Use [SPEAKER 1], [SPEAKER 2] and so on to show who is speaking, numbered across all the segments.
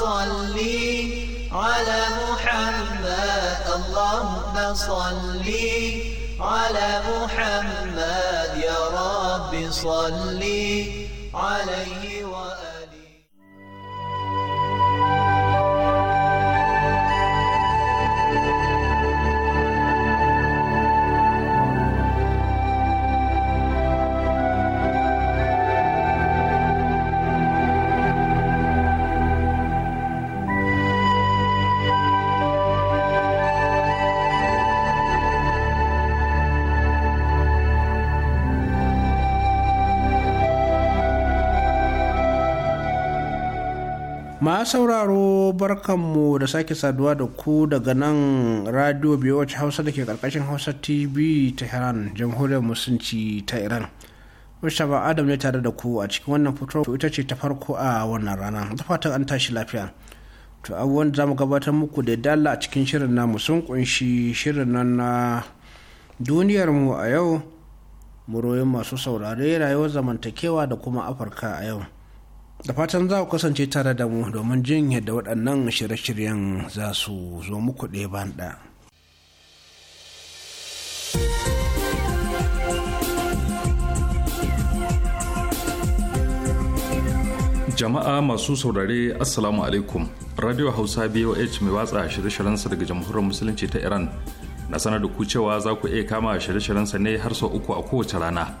[SPEAKER 1] صل على محمد اللهم صل على محمد يا رب صل عليه
[SPEAKER 2] a sauraro barkanmu da sake saduwa da ku daga nan radio wacce Hausa da ke karkashin Hausa TV iran jamhuriyar musulunci ta Iran. ba Adam ne tare da ku a cikin wannan fitowar ita ce ta farko a wannan rana. ta fatan an tashi lafiya. To abubuwan da zamu gabatar muku da dala a cikin shirin namu sun kunshi shirin nan na duniyar a yau. Muroyin masu saurare rayuwar zamantakewa da kuma Afirka a yau. da fatan za ku kasance tare da mu domin jin yadda waɗannan shirye-shiryen za su zo muku ɗaya ba
[SPEAKER 3] jama'a masu saurare assalamu alaikum radio hausa boh mai watsa shirye-shiryensa daga jamhuriyar musulunci ta iran na sanar da ku cewa za ku iya kama shirye-shiryensa ne har sau uku a kowace rana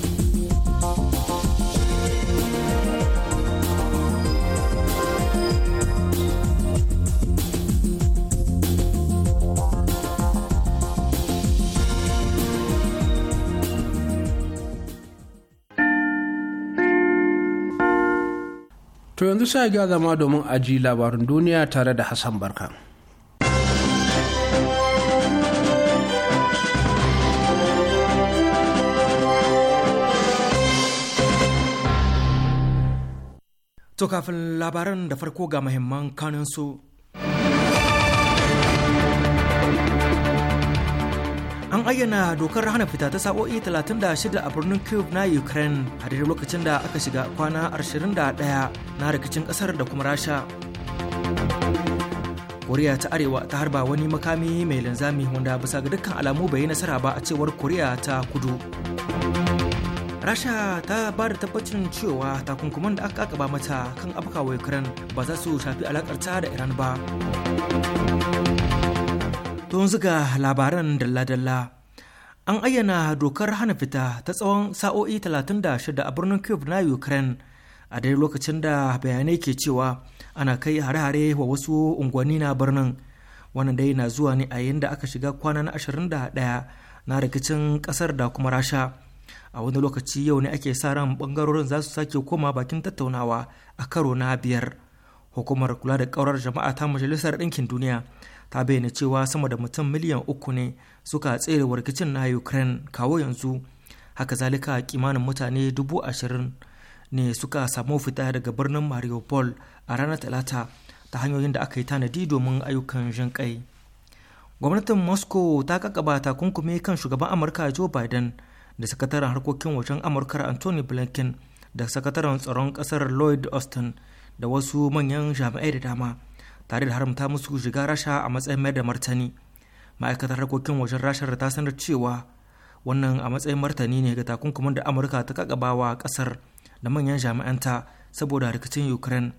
[SPEAKER 2] To yanzu sai ga zama domin aji labarin duniya tare da Hassan Barka.
[SPEAKER 4] To kafin labaran da farko ga muhimman kanunsu bayyana dokar hana fita ta sa'o'i 36 a birnin kyiv na ukraine a daidai lokacin da aka shiga kwana 21 na rikicin kasar da kuma rasha koriya ta arewa ta harba wani makami mai linzami wanda bisa ga dukkan alamu bai yi nasara ba a cewar koriya ta kudu rasha ta ba da tabbacin cewa takunkuman da aka gaba mata kan afkawa ukraine ba za su shafi alakarta da iran ba Tun zuga labaran dalla-dalla an ayyana dokar hana fita ta tsawon sa'o'i 36 a birnin kyiv na ukraine a dai lokacin da bayanai ke cewa ana kai hare-hare wa wasu unguwanni na birnin wannan dai na zuwa ne a yayin da aka shiga kwana na 21 na rikicin kasar da kuma rasha a wani lokaci yau ne ake sa ran bangarorin za su sake koma bakin tattaunawa a karo na biyar hukumar kula da kaurar jama'a ta majalisar ɗinkin duniya ta bayyana cewa sama da mutum miliyan uku ne suka tsere rikicin na ukraine kawo yanzu haka zalika kimanin mutane dubu ashirin ne suka samu fita daga birnin mariupol a ranar talata ta hanyoyin da aka yi tanadi domin ayyukan jin kai gwamnatin moscow ta kakaba takunkumi kan shugaban amurka joe biden da sakataren harkokin wajen amurka anthony blinken da sakataren tsaron kasar lloyd austin da wasu manyan jami'ai da dama tare da haramta musu shiga rasha a matsayin mayar da martani ma'aikatar harkokin wajen rashar ta sanar cewa wannan a matsayin martani ne ga takunkumin da amurka ta kakabawa kasar da manyan jami'anta saboda rikicin ukraine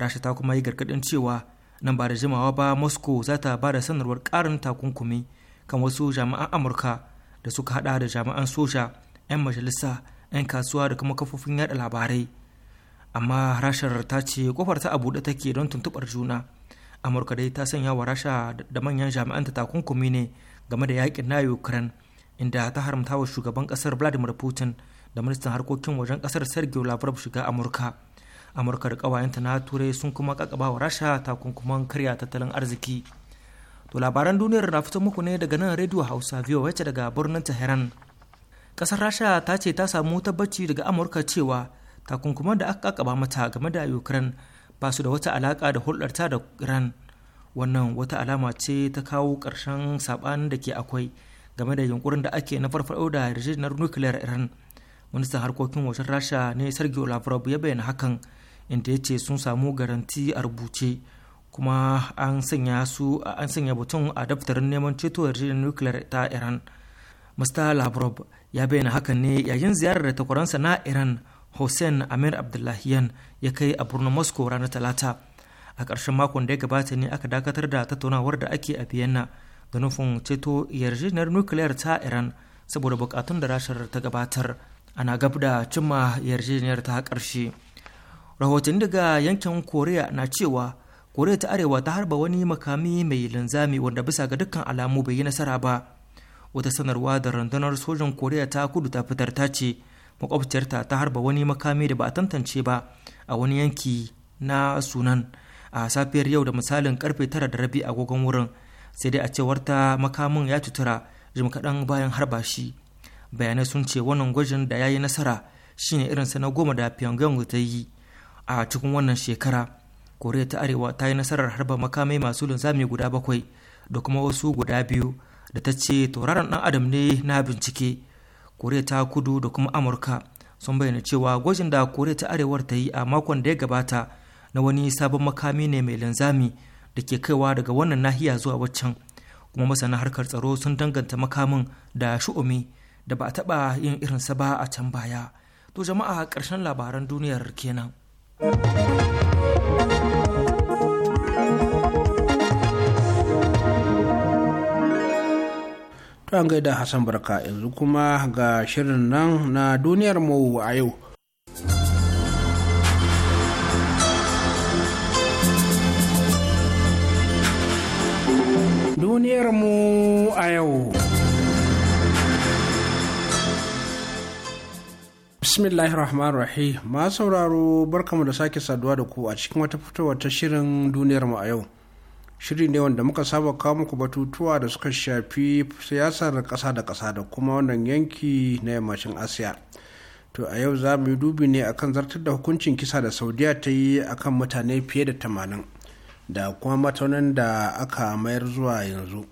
[SPEAKER 4] rasha ta kuma yi gargadin cewa nan ba da jimawa ba moscow za ta ba da sanarwar karin takunkumi kan wasu jami'an amurka da suka hada da jami'an soja 'yan majalisa 'yan kasuwa da kuma kafofin yada labarai amma rashar ta ce kofar ta a buɗe take don tuntuɓar juna amurka dai ta sanya wa rasha da manyan jami'an ta takunkumi ne game da yakin na ukraine inda ta haramta wa shugaban kasar vladimir putin da ministan harkokin wajen kasar sergio lavrov shiga amurka amurka da kawayenta na turai sun kuma kakaba wa rasha takunkuman karya tattalin arziki to labaran duniyar na fito muku ne daga nan radio hausa voa wacce daga birnin tehran kasar rasha ta ce ta samu tabbaci daga amurka cewa takunkuman da aka kakaba mata game da ukraine ba su da wata alaƙa da hulɗarta da iran wannan wata alama ce ta kawo ƙarshen saɓanin da ke akwai game da yunkurin da ake na farfaɗo da yarjejeniyar nukiliyar iran ministan harkokin wajen rasha ne sergio lavrov ya bayyana hakan inda ya ce sun samu garanti a rubuce kuma an sanya su an sanya batun a daftarin neman ceto yarjejeniyar nukiliyar ta iran mr lavrov ya bayyana hakan ne yayin ziyarar da takwaransa na iran hussein amir abdullahiyan ya kai a birnin moscow ranar talata a ƙarshen makon da ya gabata ne aka dakatar da tattaunawar da ake a vienna da nufin ceto yarjejeniyar nukiliyar ta iran saboda bukatun da rashar ta gabatar ana gab da cimma yarjejeniyar ta ƙarshe rahoton daga yankin koriya na cewa koriya ta arewa ta harba wani makami mai linzami wanda bisa ga dukkan alamu bai yi nasara ba wata sanarwa da rundunar sojan koriya ta kudu ta fitar ta ce makwabciyarta ta harba wani makami da ba a tantance ba a wani yanki na sunan a safiyar yau da misalin karfe tara da rabi agogon wurin sai dai a cewar ta makamin ya tutura jim kaɗan bayan harba shi bayanai sun ce wannan gwajin da ya yi nasara shine irinsa na goma da pyongyang ta yi a cikin wannan shekara koriya ta arewa ta yi nasarar harba makamai masu linzami guda bakwai da kuma wasu guda biyu da ta ce tauraron dan adam ne na bincike koriya ta kudu da kuma amurka sun bayyana cewa gwajin da koriya ta arewar ta yi a makon da ya gabata na wani sabon makami ne mai linzami da ke kaiwa daga wannan nahiya zuwa waccan kuma masana harkar tsaro sun danganta makamin da shu'umi da ba a taɓa yin irinsa ba a can baya to jama'a karshen labaran duniyar kenan.
[SPEAKER 2] an gaida Hassan Barka yanzu kuma ga shirin nan na duniyar mu a yau. Duniyar mu a yau. Bismillahir Rahmanir Rahim, ma sauraro barkamu da sake saduwa da ku a cikin wata fitowar ta shirin duniyar mu a yau. shiri ne wanda muka saba kawo muku batutuwa da suka shafi siyasar ƙasa da ƙasa da kuma wannan yanki na yammacin asiya to a yau za mu yi dubi ne akan zartar da hukuncin kisa da saudiya ta yi akan mutane fiye da tamanin da kuma mataunin da aka mayar zuwa yanzu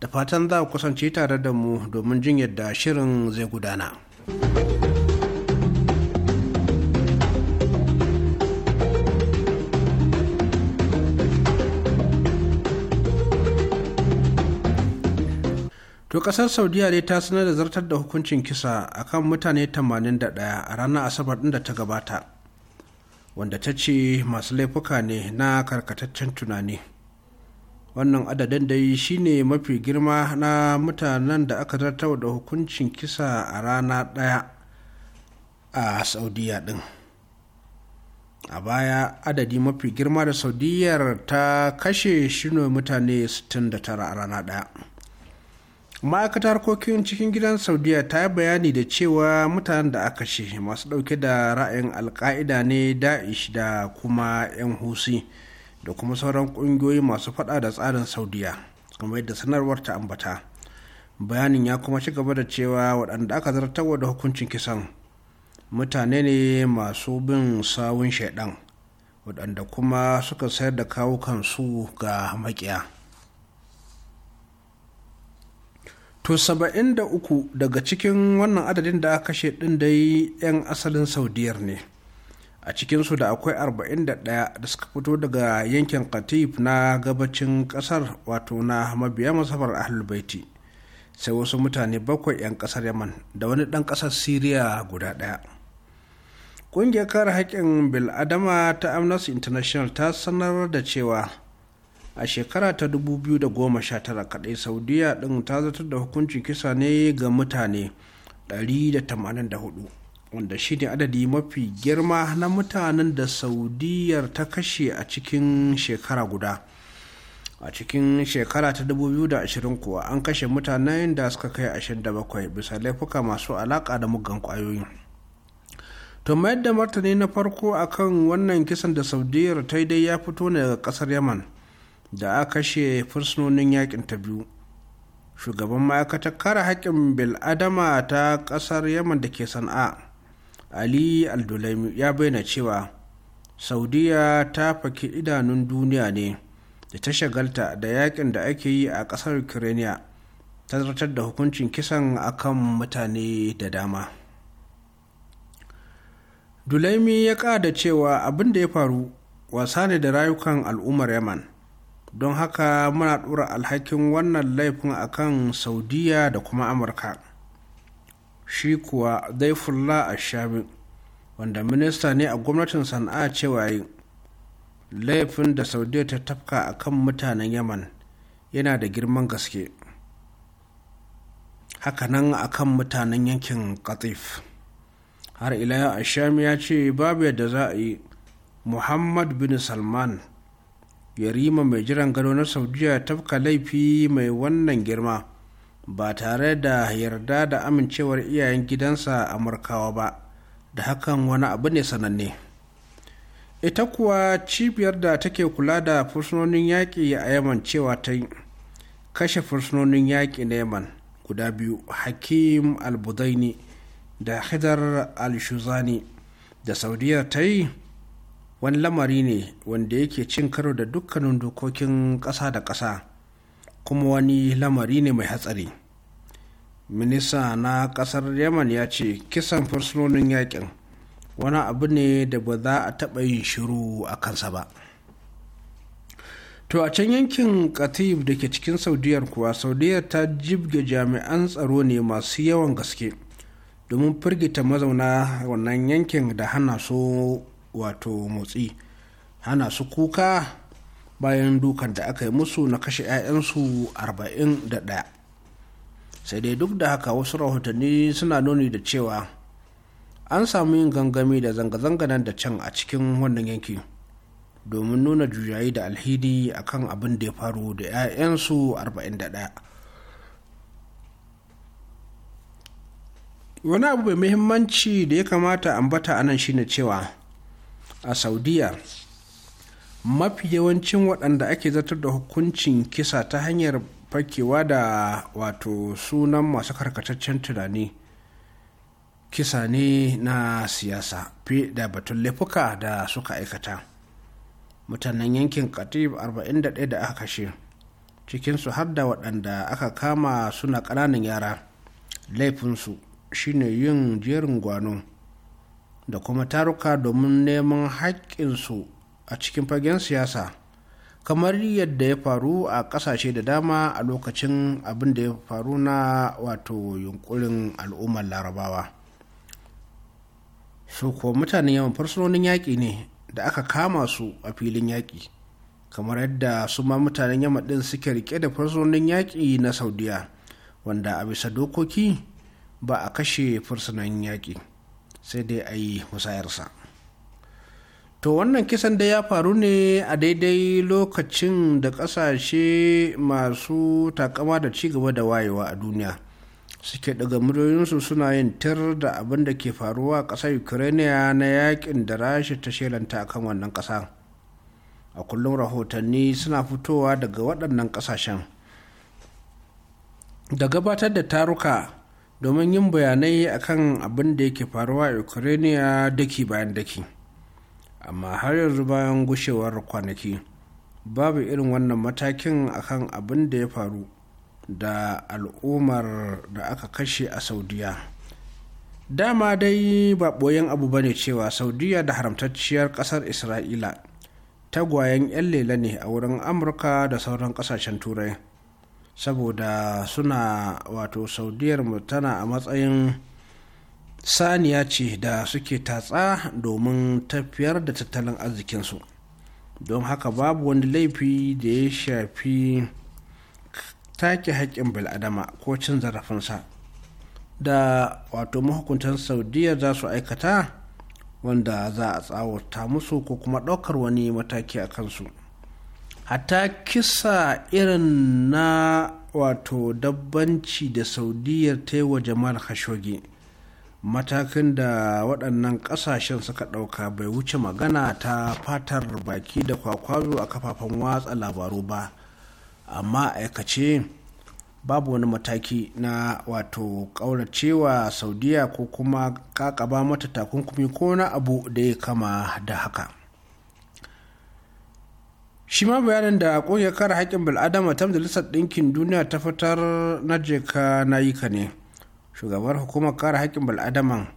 [SPEAKER 2] da fatan za ku kusance tare da mu domin jin yadda shirin zai gudana. to kasar saudiya dai ta sanar da zartar da hukuncin kisa akan mutane 81 a ranar asabar din da ta gabata wanda ta ce masu laifuka ne na karkataccen tunani wannan adadin dai shine mafi girma na mutanen da aka zartar da hukuncin kisa a rana ɗaya a saudiya ɗin a baya adadi mafi girma da saudiyar ta kashe shine mutane 69 a rana ɗaya ma'aikatar harkokin cikin gidan saudiya ta yi bayani da cewa mutanen da aka ce masu ɗauke da ra'ayin alka'ida ne da'ish da kuma 'yan husi da kuma sauran ƙungiyoyi masu faɗa da tsarin saudiya kamar yadda sanarwar ta ambata bayanin ya kuma ci gaba da cewa waɗanda aka zartarwa da hukuncin kisan mutane ne masu bin sawun shaidan waɗanda kuma suka sayar da kawukan su ga maƙiya. to da uku daga cikin wannan adadin da aka kashe da dai 'yan asalin saudiyar ne a cikinsu da akwai arba'in da da suka fito daga yankin katif na gabacin ƙasar wato na mabiya masafar ahlulbaiti sai wasu mutane bakwai 'yan ƙasar yaman da wani ɗan ƙasar siriya guda ɗaya ƙungiyar kare haƙƙin bil'adama ta amnesty international ta sanar da cewa a shekara ta 2019 kadai saudiya din ta zartar da hukuncin kisa ne ga mutane 184 wanda shi ne adadi mafi girma na mutanen da saudiyar ta kashe a cikin shekara guda a cikin shekara ta 2020 kuwa an kashe mutanen da suka kai 27 bisa laifuka masu alaka da mugan kwayoyin to mayar da martani na farko akan wannan kisan da saudiyar ta dai ya fito ne daga kasar yaman da a kashe fursunonin yakin ta biyu shugaban ma'aikatar kare haƙƙin bil'adama ta ƙasar yaman da ke sana'a ali aldulaimi ya bayyana cewa saudiya ta faki idanun duniya ne da ta shagalta da yakin da ake yi a ƙasar ukraine ta zartar da hukuncin kisan akan mutane da dama dulaimi ya ƙada cewa abin da ya faru wasa ne da rayukan al'ummar yaman don haka muna ɗora alhakin wannan laifin a kan saudiya da kuma amurka shi kuwa a Ashami. wanda minista ne a gwamnatin sana'a cewa yi laifin da saudiya ta tafka a kan mutanen yaman yana da girman gaske hakanan kan mutanen yankin katif har ila ashami ya ce babu yadda za a yi muhammad bin salman yarima mai jiran gado na saudiya tafka laifi mai wannan girma ba tare da yarda da amincewar iyayen gidansa amurkawa ba da hakan wani abu ne sananne ita kuwa cibiyar da take kula da fursunonin yaƙi a yaman cewa ta kashe fursunonin yaƙi na yaman guda biyu hakim al da hidar al-shuzani da saudiyar ta yi wani lamari ne wanda yake cin karo da dukkanin dokokin ƙasa da ƙasa kuma wani lamari ne mai hatsari minista na ƙasar yaman ya ce kisan fursunonin yakin wani abu ne da ba za a taɓa yin shiru a kansa ba to a can yankin katib da ke cikin saudiyar kuwa saudiyar ta jibge jami'an tsaro ne masu yawan gaske domin firgita mazauna wannan yankin da hana su wato motsi hana su kuka bayan dukan da aka yi musu na kashe 'ya'yansu 41 sai dai duk da haka wasu rahotanni suna nuni da cewa an samu yin gangami da zanga-zanga nan da can a cikin wannan yanki domin nuna jujayi da alhidi akan abin da ya faru da 'ya'yansu 41 wani abu mai muhimmanci da ya kamata ambata anan shine cewa a saudiya mafi yawancin waɗanda ake zartar da hukuncin kisa ta hanyar fakewa da wato sunan masu karkataccen tunani kisa ne na siyasa fi da batun laifuka da suka aikata mutanen yankin katib 41 da aka kashe cikinsu har da waɗanda aka kama suna ƙananan yara laifinsu shine yin jerin gwano da kuma taruka domin neman haƙƙinsu a cikin fagen siyasa kamar yadda ya faru a ƙasashe da dama a lokacin abin da ya faru na wato yunkurin al'ummar larabawa su ko mutane yawan fursunonin yaƙi ne da aka kama su a filin yaƙi kamar yadda su ma mutanen yamma ɗin suke rike da fursunonin yaƙi na saudiya wanda a bisa dokoki ba a kashe fursunan yaƙi. sai dai a yi musayarsa to wannan kisan da ya faru ne a daidai lokacin da ƙasashe masu takama da cigaba da wayewa a duniya suke daga muryoyinsu suna yin tir da abin da ke faruwa a ƙasar ukraine na yakin da rashi ta shelanta kan wannan ƙasa a kullum rahotanni suna fitowa daga waɗannan ƙasashen da gabatar da taruka domin yin bayanai akan abin da yake faruwa a Ukrainiya daki bayan daki amma har yanzu bayan gushewar kwanaki babu irin wannan matakin akan abin da ya faru da al'ummar da aka kashe a saudiya dama dai ba ɓoyen abu bane cewa saudiya da haramtacciyar ƙasar isra'ila tagwayen 'yan lela ne a wurin amurka da sauran ƙasashen turai saboda suna wato saudiyar tana a matsayin saniya ce da suke tatsa domin tafiyar da tattalin arzikinsu don haka babu wani laifi da ya shafi take haƙƙin bil'adama ko cin zarafinsa da wato mahukuntan saudiya za su aikata wanda za a tsawata musu ko kuma ɗaukar wani mataki a kansu. hata kisa irin na wato dabbanci da saudiyar ta yi wa jamal khashoggi matakin da waɗannan ƙasashen suka ɗauka bai wuce magana ta fatar baki da kwakwazo a kafafen watsa labaru ba amma aikace babu wani mataki na wato ƙauracewa saudiya ko kuma kakaba mata takunkumi ko na abu da ya kama da haka shi ma bayanin da ƙungiyar kare haƙƙin bil'adama ta majalisar ɗinkin duniya ta fitar na jeka nayika ne shugabar hukumar kare haƙƙin bil'adama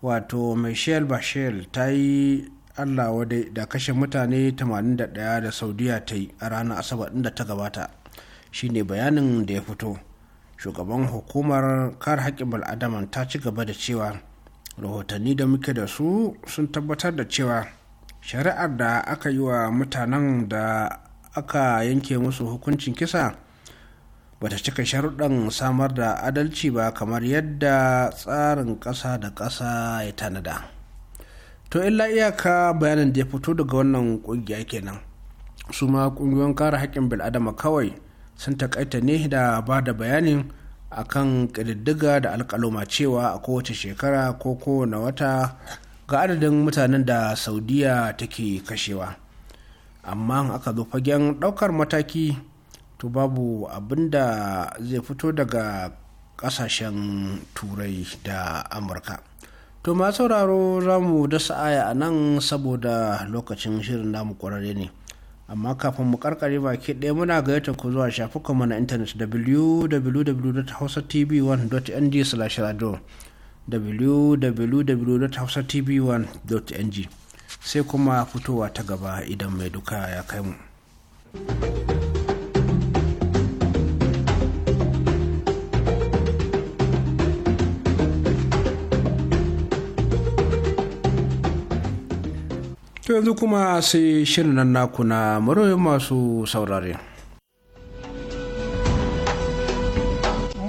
[SPEAKER 2] wato michelle bashir ta yi allah wadai da kashe mutane 81 da saudiya ta yi a ranar asabar da ta gabata shine bayanin da ya fito shugaban hukumar kare haƙƙin bil'adama ta ci gaba da cewa rahotanni da muke da su sun tabbatar da cewa shari'ar da aka yi wa mutanen da aka yanke musu hukuncin kisa bata cika sharuɗan samar da adalci ba kamar yadda tsarin ƙasa da ƙasa ya tanada to illa iyaka bayanin da ya fito daga wannan ƙungiya kenan su ma ƙungiyoyin kare haƙƙin bil'adama kawai sun taƙaita ne da ba da bayanin akan kan da alƙaluma cewa a kowace shekara ko kowane wata ga adadin mutanen da saudiya take kashewa amma aka zo fagen ɗaukar mataki to babu abin da zai fito daga ƙasashen turai da amurka to ma sauraro za mu dasa aya a nan saboda lokacin shirin namu ƙwararre ne amma kafin mu karkare baki ɗaya muna gayyata ku zuwa shafukanmu na intanet www.hausatv1.ng/radio www.hausatv1.ng sai kuma fitowa ta gaba idan mai duka ya kai mu. yanzu kuma sai shirin nan naku na masu saurare.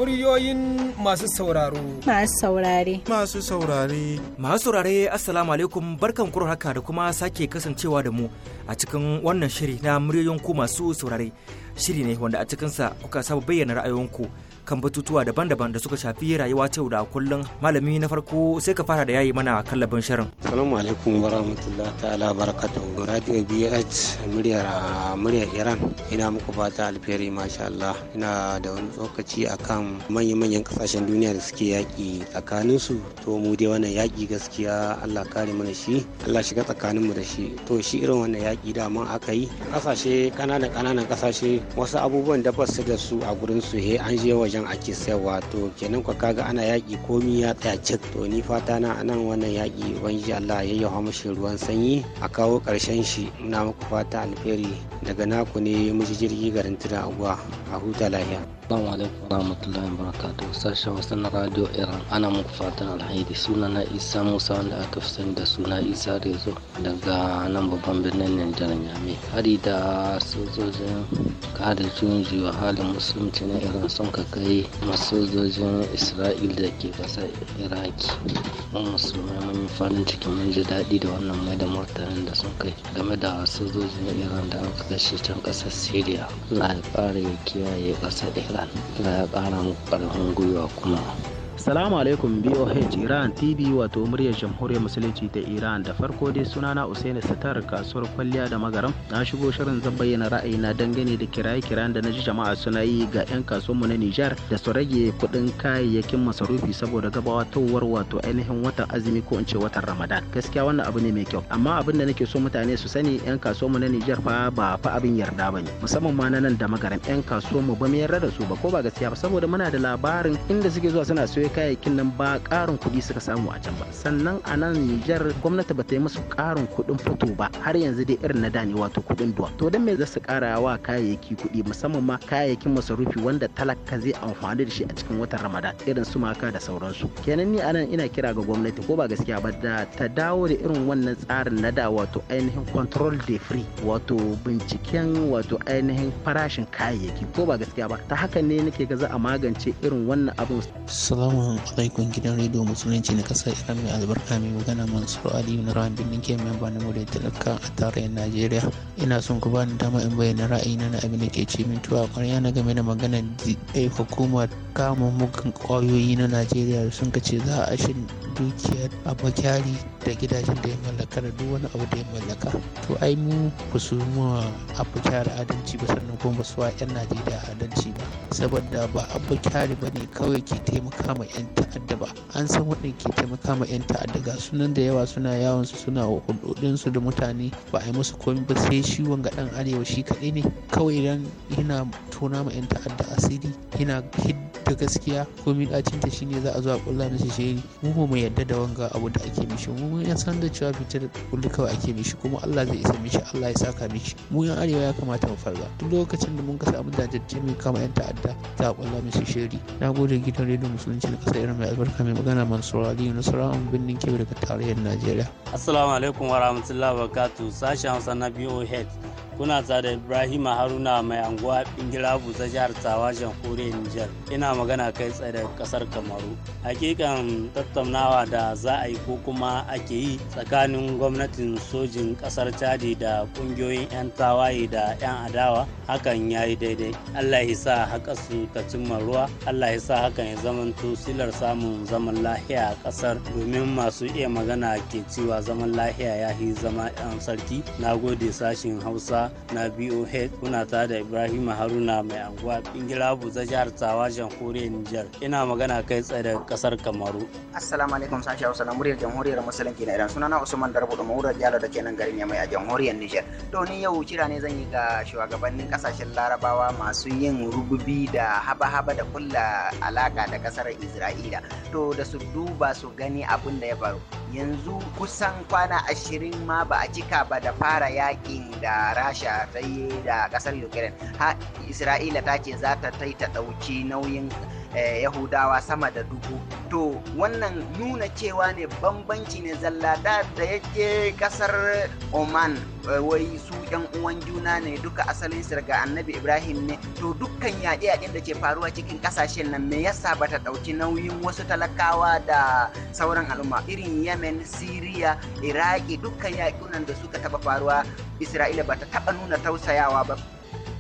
[SPEAKER 4] muryoyin masu sauraro.
[SPEAKER 1] Masu saurare.
[SPEAKER 4] Masu saurare. Masu saurare Assalamu alaikum barkan kuro haka da kuma sake kasancewa da mu a cikin wannan shiri na muryoyin ku masu saurare. Shiri ne wanda a cikinsa kuka saba bayyana ra'ayoyinku kan batutuwa daban-daban da suka shafi rayuwa ta da kullum malami na farko sai ka fara da yayi mana kallabin shirin assalamu alaikum warahmatullahi ta'ala barakatuhu radio bh muryar muryar iran ina muku fata alheri masha Allah ina da wani tsokaci akan manya-manyan kasashen duniya da suke yaki tsakaninsu to mu dai wannan yaki gaskiya Allah kare mana shi Allah shiga tsakaninmu da shi to shi irin
[SPEAKER 5] wannan yaki mun aka yi kasashe kananan kananan kasashe wasu abubuwan da su da su a gurin su he an je wajen wajen ake sayarwa to kenan kwa kaga ana yaƙi komi ya tsaya cik to ni fata na anan wannan yaƙi ubangiji Allah ya yawa mashi ruwan sanyi a kawo ƙarshen shi
[SPEAKER 6] muna muku fata alheri daga naku ne muji jirgi garin tuna a huta lafiya. Assalamu alaikum warahmatullahi wabarakatuh sashen wasu na radio Iran ana muku fatan alhairi suna na Isa Musa wanda aka fi sani da suna Isa Rezo daga nan babban birnin Nijar Nyame hari da sojojin kada junji wa halin musulunci na Iran sun ka kai sojojin Isra'il da ke ƙasar Iraki mun musulmai mun farin ciki mun ji daɗi da wannan mai da martanin da sun kai game da sojojin Iran da aka kashe can ƙasar Syria
[SPEAKER 7] Allah ya ƙara ya kiyaye ƙasar
[SPEAKER 5] Iran Allah ya ƙara muku ƙarfin gwiwa kuma Salamu alaikum BOH Iran TV wato muryar jamhuriyar musulunci ta Iran da farko dai sunana Usaini Sitar kasuwar kwalliya da magaram na shigo shirin zan bayyana ra'ayina dangane da kiraye kiraye da na ji jama'a suna yi ga 'yan kasuwar mu na Nijar da su rage kuɗin kayayyakin masarufi saboda gabawa gabatowar wato ainihin watan azumi ko in ce watan Ramadan gaskiya wannan abu ne mai kyau amma abin da nake so mutane su sani 'yan kasuwar mu na Nijar fa ba fa abin yarda bane ne musamman ma na nan da magaram 'yan mu ba mu yarda da su ba ko ba gaskiya ba saboda muna da labarin inda suke zuwa suna siyo sai kayayyakin nan ba ƙarin kuɗi suka samu a can ba sannan a nan Nijar gwamnati ba ta yi musu ƙarin kuɗin fito ba har yanzu dai irin na da ne wato kuɗin duwa to dan me za su ƙara wa kayayyaki kuɗi musamman ma kayayyakin masarufi wanda talaka zai amfani da shi a cikin watan Ramadan irin su maka da sauransu kenan ni anan ina kira ga gwamnati ko ba gaskiya ba da ta dawo da irin wannan tsarin na da wato ainihin control de free wato binciken wato ainihin farashin kayayyaki ko ba gaskiya ba ta haka ne nake ga za a magance irin wannan abin
[SPEAKER 7] salamu Assalamu alaikum gidan rediyo musulunci na kasar Iran mai albarka mai magana Mansur ali na rawan birnin ke memba na mu talaka a tarayyar Najeriya. Ina son ku bani dama in bayyana ra'ayina na abin da ke ci min tuwa kwarya na game da maganar hukumar kama mugun kwayoyi na najeriya sun kace za a shin dukiyar kyari da gidajen da ya mallaka da duk wani abu da ya mallaka to ai mu ba su ma kyari adalci ba sannan kuma ba su wa 'yan najeriya adalci ba saboda ba kyari ba ne kawai ke taimaka ma 'yan ta'adda ba an san waɗanda ke taimaka ma 'yan ta'adda ga sunan da yawa suna yawon su suna hulɗoɗinsu da mutane ba a yi musu komai ba sai shi wanga ɗan arewa shi kaɗai ne kawai idan yana tona ma 'yan ta'adda asiri yana hidda ta gaskiya ko shi shine za a zo a ƙulla mishi shiri mu ba mu yarda da wanga abu da ake mishi mu mun san da cewa fitar kulli kawai ake mishi kuma Allah zai isa mishi Allah ya saka mishi mu yan arewa ya kamata mu farga duk lokacin da mun ga samu dajajje mai kama yan ta'adda za a ƙulla mishi shiri na gode gidan rediyo musulunci na ƙasa irin mai albarka mai magana Mansur Ali Nasara an binnin Kebbi daga tarayyar Najeriya
[SPEAKER 5] Assalamu alaikum wa rahmatullahi wa barakatuh sashen Hausa na BOH kuna tare da Ibrahim Haruna mai anguwa Bingila Buza jihar Tawa Kore Nijar ina magana kai tsaye da kasar kamaru hakikan tattaunawa da za a yi ko kuma ake yi tsakanin gwamnatin sojin kasar chadi da kungiyoyin 'yan tawaye da 'yan adawa hakan ya yi daidai allah ya sa haka su ta cimma ruwa allah ya sa hakan ya zamanto silar samun zaman lahiya a kasar domin masu iya magana ke cewa zaman lahiya ya yi zama 'yan sarki na gode sashin hausa na boh kuna ta da ibrahim haruna mai anguwa bingila buza jihar tawa ko jamhuriyar Nijar. Ina magana kai tsaye da kasar Kamaru. Assalamu alaikum sashi Hausa na muryar jamhuriyar Musulunci na Iran. Sunana Usman Darbu da Maurar jihar da kenan garin Yamai a jamhuriyar Nijar. To ni yau kira ne zan yi ga shugabannin kasashen Larabawa masu yin rububi da haba-haba da kulla alaka da kasar Isra'ila. To da su duba su gani abin da ya faru. yanzu kusan kwana ashirin ma ba a cika ba da fara yakin da rasha ta yi da kasar ukraine ha isra'ila ta ce za ta ta ɗauki nauyin Eh, yahudawa sama da dubu to wannan nuna cewa ne bambanci ne zallada da da yake kasar oman eh, wai su yan uwan juna ne duka asalin su daga annabi ibrahim ne to dukkan yaƙe yaƙen da ke faruwa cikin ƙasashen nan me yasa bata ɗauki nauyin wasu talakawa da sauran al'umma irin yemen syria iraki dukkan yaƙunan da suka taɓa faruwa isra'ila bata taɓa nuna tausayawa ba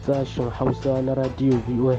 [SPEAKER 6] sashen hausa na radio voh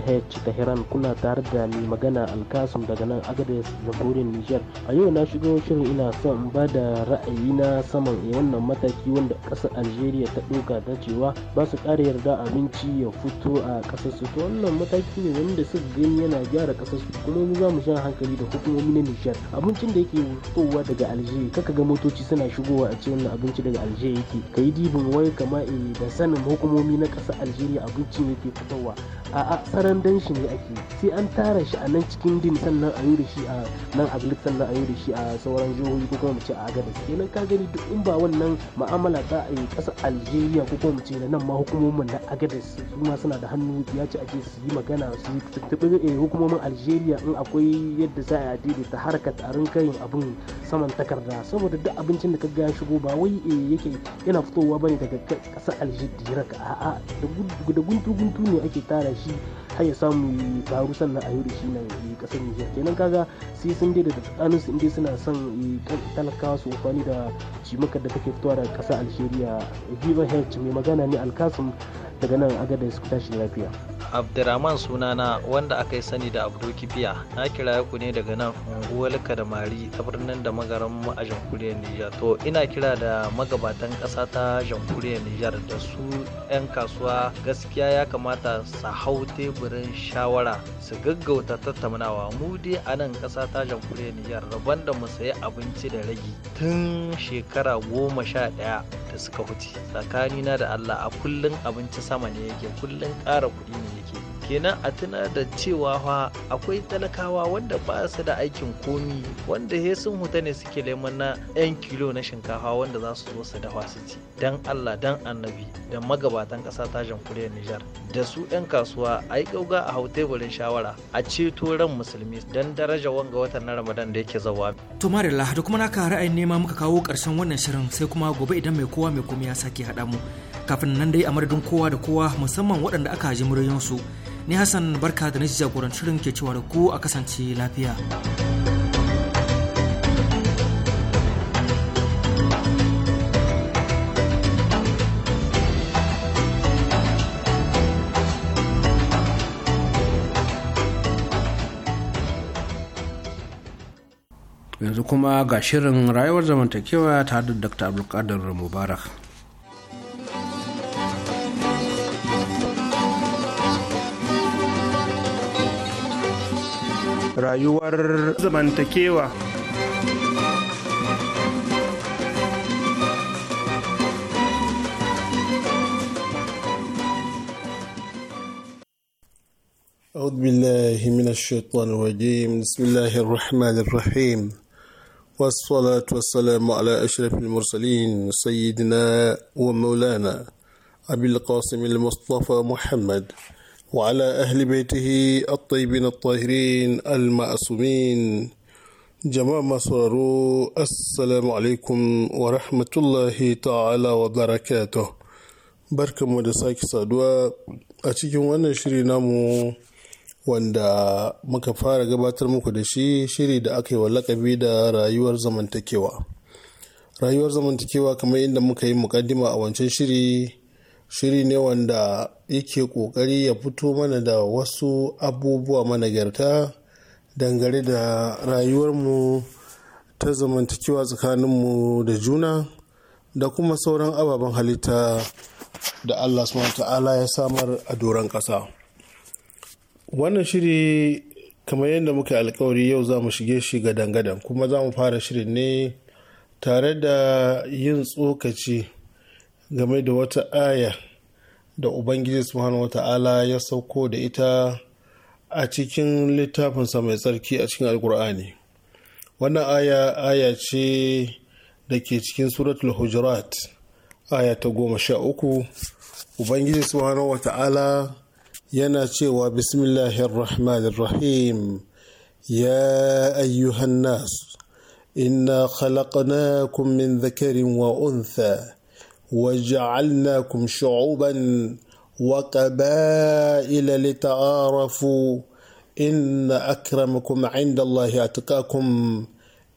[SPEAKER 6] tehran kuna tare da mai magana alkasum daga nan agadez burin nijar a yau na shigo shirin ina son in ba da ra'ayi na saman wannan mataki wanda ƙasar algeria ta ɗauka ta cewa ba su ƙara yarda abinci ya fito a ƙasar su to wannan mataki ne wanda suka gani yana gyara ƙasar su kuma mu za mu sha hankali da hukumomi na niger abincin da yake fitowa daga algeria kaka ga motoci suna shigowa a ce wannan abinci daga algeria yake ka yi dibin wai kama eh, da sanin hukumomi na ƙasar algeria abu mutunci ne ke a'a tsaron dan shi ne ake sai an tara shi a nan cikin din sannan a yi da shi a nan aglik sannan a yi da shi a sauran jihohi ko kuma mu ce a agadas kenan ka gani duk in ba wannan ma'amala ta a yi ƙasar algeria ko kuma mu ce nan ma hukumomin na agadas su ma suna da hannu ya ce ake su yi magana su yi tuntuɓi eh, hukumomin algeria in akwai yadda za a daidaita harkar tsarin kayin abin saman takarda saboda duk abincin da ka ga shigo ba wai eh, yake yana fitowa bane daga ƙasar algeria a'a da guntu-guntu ne ake tara shi har ya samu taru sannan a yau da shi na kasar Nijar kenan kaga sai sun dai da tsakanin su inda suna son talakawa su amfani da cimakar da take fitowa daga kasar Algeria Viva Health mai magana ne Alkasim daga nan agadar su tashi lafiya.
[SPEAKER 1] Abdurrahman sunana wanda aka yi sani da Abdul Kibiya. Na kira ku ne daga nan unguwar Kadamari ta birnin da magaran mu a jamhuriyar Nijar. To ina kira da magabatan ƙasa ta jamhuriyar Nijar da su 'yan kasuwa gaskiya ya kamata su hau teburin shawara su gaggauta tattaunawa mu dai a nan ƙasa ta jamhuriyar Nijar rabon da mu sayi abinci da ragi tun shekara goma sha ɗaya da suka wuce tsakanina da Allah a kullum abinci sama ne yake kullum ƙara kuɗi ne kenan a tuna da cewa fa akwai talakawa wanda ba su da aikin komi wanda he sun huta ne suke neman na 'yan kilo na shinkafa wanda za su zo su dafa su ci dan allah dan annabi da magabatan ƙasa ta jamhuriyar nijar da su 'yan kasuwa a yi kauga a hau teburin shawara a ceto ran musulmi dan daraja wanga watan na ramadan da yake zawa.
[SPEAKER 4] to marilla da kuma naka ra'ayin nema muka kawo ƙarshen wannan shirin sai kuma gobe idan mai kowa mai komi ya sake haɗa mu kafin nan dai a madadin kowa da kowa musamman waɗanda aka ji su ni hassan barka da na shirin ke cewa da ku a kasance lafiya
[SPEAKER 2] yanzu kuma ga shirin rayuwar zamantakewa tare da dr abdulkadir mubarak
[SPEAKER 4] rayuwar zamantakewa
[SPEAKER 8] أعوذ بالله من الشيطان الرجيم بسم الله الرحمن الرحيم والصلاة والسلام على أشرف المرسلين سيدنا ومولانا أبي القاسم المصطفى محمد وعلى أهل بيته الطيبين الطاهرين المعصومين jama'a masu raro assalamu alaikum wa rahmatullahi ta'ala wa barakato barkanmu da sake saduwa a cikin wannan shiri namu wanda muka fara gabatar muku da shi shiri da aka yi wa lakabi da rayuwar zamantakewa rayuwar zamantakewa kamar inda muka yi mukaddima a wancan shiri shiri ne wanda yake ƙoƙari ya fito mana da wasu abubuwa mana managarta dangare da rayuwarmu ta zamantakewa tsakaninmu da juna da kuma sauran ababen halitta da Allah ta'ala ya samar a doron ƙasa. Wannan shiri kamar yadda muka alkawari yau za mu shige shi ga dangadan kuma za mu fara shirin ne tare da yin tsokaci game da wata aya da ubangiji subhanahu wata'ala ya sauko da ita a cikin littafinsa mai tsarki a cikin alkur'ani wannan aya aya ce da ke cikin suratul hujurat aya ta goma sha uku ubangiji subhanahu ta'ala yana cewa bismillahirrahmanirrahim ya ayyuhan nas inna khalaqnakum min dhakarin wa untha وجعلناكم شعوبا وقبائل لتعارفوا إن أكرمكم عند الله أتقاكم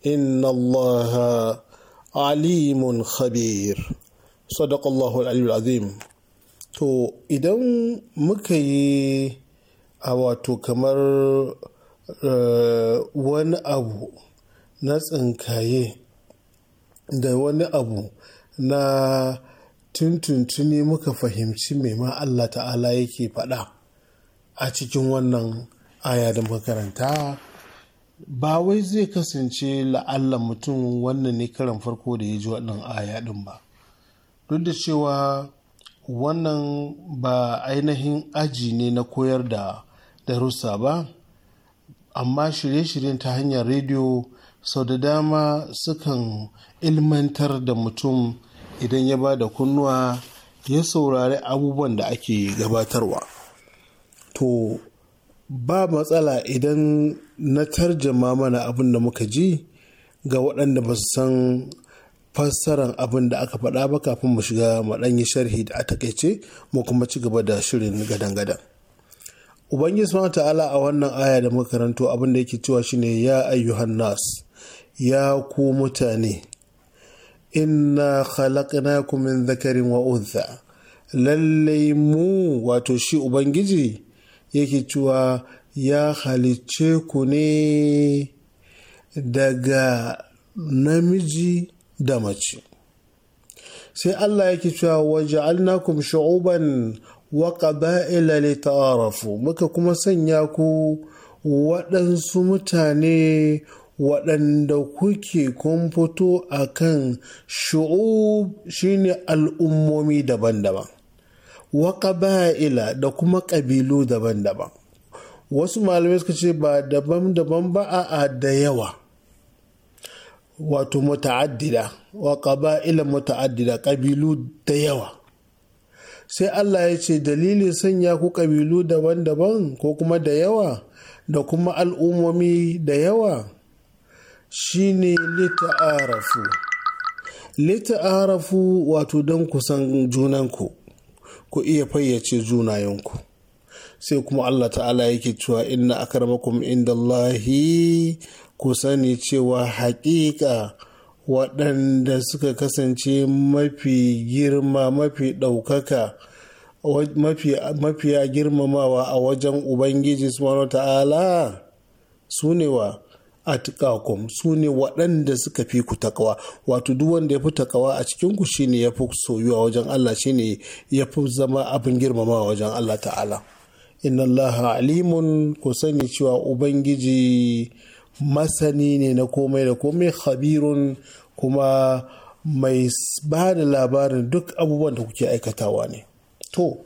[SPEAKER 8] إن الله alimun khabir sadaqallahu aliyu azim to idan muka yi a wato kamar wani abu na tsinkaye da wani abu na tuntuntuni muka fahimci mai ma Allah ta'ala yake faɗa a cikin wannan aya da makaranta ba wai zai kasance la'alla mutum wannan ne karan farko da ya ji wannan aya ɗin ba duk da cewa wannan ba ainihin aji ne na koyar da darussa ba amma shirye-shiryen ta hanyar rediyo sau da dama sukan ilmantar da mutum idan ya ba da kunnuwa ya saurari abubuwan da ake gabatarwa to ba matsala idan na tarjama mana abin da muka ji ga waɗanda ba su san fassaran abin da aka faɗa ba kafin mu shiga maɗanyi sharhi da a takaice mu kuma ci gaba da shirin gadan-gadan ubangiji ta'ala a wannan aya da makarantu abin da yake cewa shine ya ayyuhan nas ya ku mutane inna khalaqnakum min zakarin wa untha lallai mu wato shi ubangiji yake cewa ya halicce ku ne daga namiji da mace sai Allah yake cewa waja'alnakum sha'uban wa qaba'ila ta'arafu muka kuma sanya ku waɗansu mutane waɗanda kuke kun fito a kan shu'ub shine al'ummomi daban-daban wa ƙaba'ila da kuma ƙabilu daban-daban wasu malamai suka ce ba daban-daban ba a da yawa wato muta'addida wa ƙaba'ila muta'addida ƙabilu da yawa sai Allah ya ce dalilin sanya ku ƙabilu daban-daban ko kuma da yawa da kuma al'ummomi da yawa shine lita'arafu lita'arafu wato don kusan junanku ku iya fayyace junayenku sai kuma Allah ta'ala yake cewa inna akramakum indallahi ku sani cewa haƙiƙa waɗanda suka kasance mafi girma mafi ɗaukaka mafiya girmamawa a wajen ubangiji subhanahu ta'ala su ne wa atikakum su ne waɗanda suka fi ku takawa wato duk wanda ya fi takawa a cikin ku shine ya fi soyuwa wajen Allah shine ya fi zama abin girmama wajen Allah ta'ala inna Allah alimun ku sani cewa ubangiji masani ne na komai da komai khabirun kuma mai ba da labarin duk abubuwan da kuke aikatawa ne to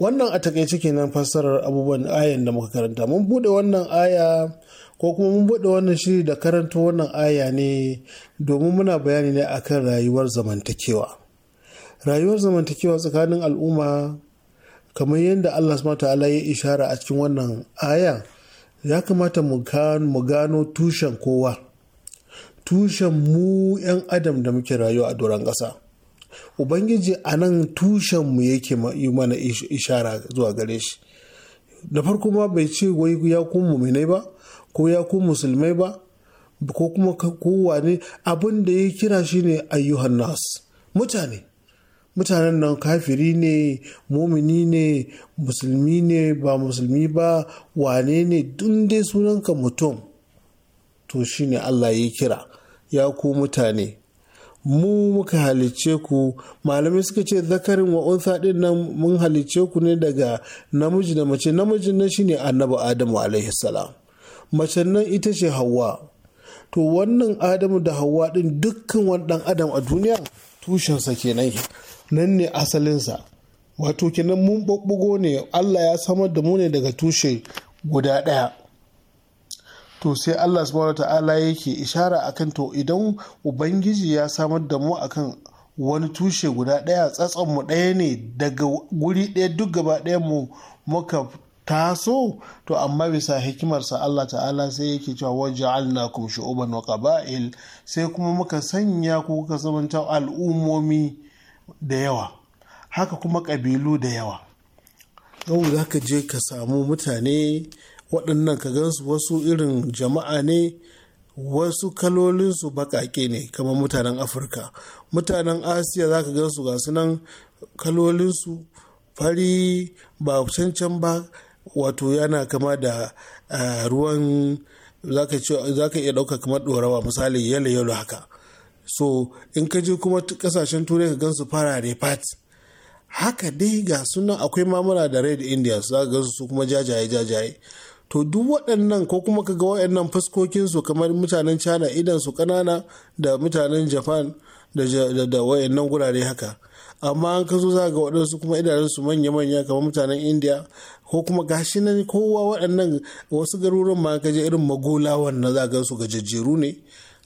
[SPEAKER 8] wannan a takaice kenan fassarar abubuwan ayan da muka karanta mun bude wannan aya ko kuma mun buɗe wannan shiri da karanta wannan aya ne domin muna bayani ne akan rayuwar zamantakewa rayuwar zamantakewa tsakanin al'umma kamar yadda allah ta'ala ya ishara a cikin wannan aya ya kamata mu gano tushen kowa tushen mu 'yan adam da muke rayuwa a doron ƙasa ubangiji a nan tushen mu yake mana ishara zuwa gare shi da farko ma bai ce wai ya kuma muminai ba ko ya ku musulmai ba ko kuma kowa ne abin da ya kira shi ne ayyuhan nas mutane mutanen nan kafiri ne mumini ne musulmi ne ba musulmi ba wane ne dai sunanka mutum to shi ne allah ya kira ya ku mutane mu muka halicce ku malamai suka ce zakarin wa unsa din nan mun halicce ku ne daga namiji da mace namijin nan shine annabi adamu alaihi salam mace nan ita ce hawa to wannan adamu da hawa din dukkan wani dan adam a duniya tushensa kenan nan ne asalinsa wato kenan mun ɓaɓɓugo ne allah ya samar da mu ne daga tushe guda ɗaya to sai allah subhanahu ta'ala yake ishara akan to idan ubangiji ya samar da mu akan wani tushe guda ɗaya mu ɗaya ne daga guri ɗaya duk gaba ɗaya mu muka taso to amma bisa hikimarsa Allah ta'ala sai yake cewa waja'alnakum shu'uban wa qaba'il sai kuma muka sanya ku kuka zamanta al'ummomi da yawa haka kuma ƙabilu da yawa yau za ka je ka samu mutane waɗannan ka gansu wasu irin jama'a ne wasu kalolinsu baƙaƙe ne kamar mutanen afirka mutanen asiya za ka gansu ga nan kalolinsu fari ba cancan ba wato yana kama da eh, ruwan za ka iya ɗauka kamar ɗorawa misali yalo yalo haka so in ka je kuma ƙasashen turai ka gan su farare fat haka dai ga sunan akwai mamura da red indians za ka gan su kuma jajaye jajaye to duk waɗannan ko kuma ka ga waɗannan fuskokin su kamar mutanen china idan su ƙanana da mutanen japan da, wayannan da waɗannan gurare haka amma an ka zo za ga waɗansu kuma idanunsu manya-manya kamar mutanen india ko kuma gashi nan kowa waɗannan wasu garuruwan ma ka je irin magola na za ga su ne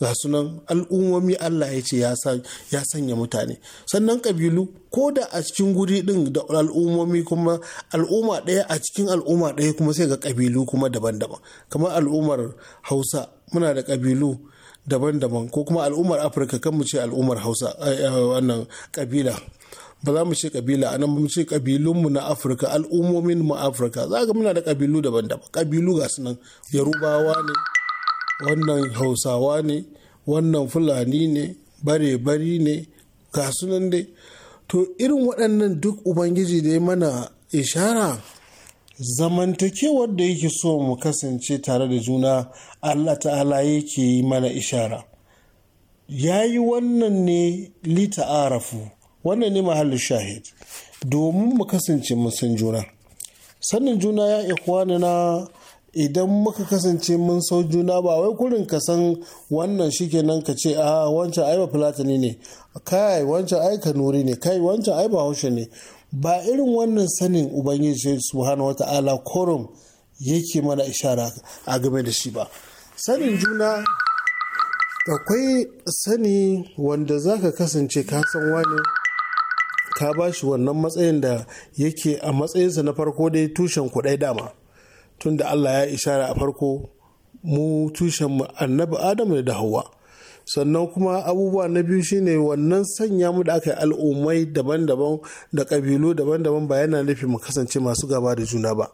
[SPEAKER 8] ga sunan al'ummomi Allah ya ce ya sanya mutane sannan kabilu ko da a cikin guri din da al'ummomi kuma al'umma ɗaya a cikin al'umma ɗaya kuma sai ga kabilu kuma daban-daban kamar al'ummar hausa muna da kabilu daban-daban ko kuma al'ummar afirka kan mu ce al'ummar hausa eh, eh, wannan kabila ba za mu ce kabila anan mu ce kabilunmu na afirka al'ummomin mu afirka za ga muna da kabilu daban-daban kabilu ga su nan yarubawa ne wannan hausawa ne wannan fulani ne bare-bari ne ga su nan dai to irin waɗannan duk ubangiji da ya mana ishara zamantakewar da yake so mu kasance tare da juna allah ta'ala yake yi mana ishara ya yi wannan ne lita'arafu wannan ne mahallin shahid domin mu kasance mun san juna sannin juna ya na idan muka kasance mun sau juna ba wai kurin ka san wannan shikenan ka ce a ah, wancan ai ba fulatani ne kai wancan ai kanuri ne kai wancan ai bahaushe ne ba irin wannan sanin ubangiji subhanahu wata'ala korum yake mana ishara a game da shi ba sanin juna akwai sani wanda za ka kasance kasan wani ka ba shi wannan matsayin da yake a matsayinsa na farko dai tushen kuɗai dama tunda allah ya ishara a farko mu tushen annabi adamu da hawa sannan kuma abubuwa na biyu shine wannan sanya mu da aka yi al'ummai daban-daban da ƙabilu daban-daban ba yana nufin mu kasance masu gaba da juna ba